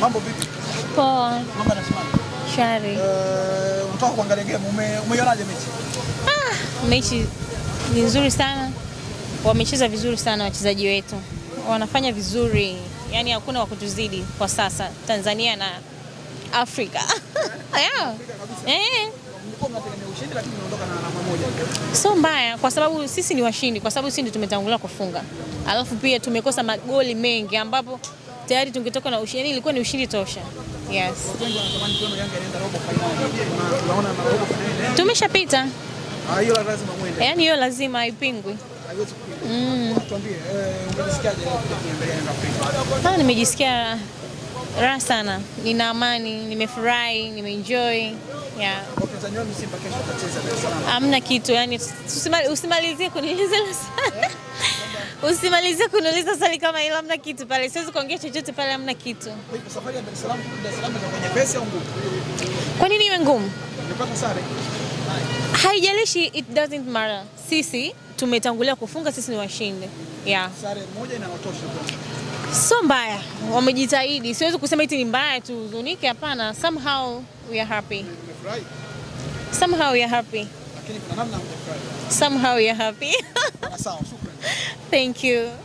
Mambo vipi? Poa. Mambo Shari. Eh, unataka kuangalia game, umeionaje mechi? Ah, mechi ni nzuri sana. Wamecheza vizuri sana wachezaji wetu. Wanafanya vizuri. Yaani hakuna wa kutuzidi kwa sasa Tanzania na Afrika. Yeah. Eh washindi lakini tunaondoka na alama moja. Sio mbaya kwa sababu sisi ni washindi, kwa sababu sisi ndio tumetangulia kufunga, alafu pia tumekosa magoli mengi ambapo tayari tungetoka na ushindi, ilikuwa ni ushindi tosha. Yes, tumeshapita, yaani hiyo lazima haipingwi. Mm. Ah, nimejisikia Raha sana, nina amani, nimefurahi, nimeenjoy. Yeah. Hamna kitu yani, usimalizie kuniuliza usimalizie kuniuliza swali kama hilo. Hamna kitu pale, siwezi kuongea chochote pale, hamna kitu. Kwa nini iwe ngumu? Haijalishi, it doesn't matter. Sisi tumetangulia kufunga, sisi ni washinde yeah. Sare moja inatosha sio mbaya, wamejitahidi. Siwezi kusema eti ni mbaya tuhuzunike, hapana. Somehow we are happy, somehow we are happy, somehow we are happy. Thank you.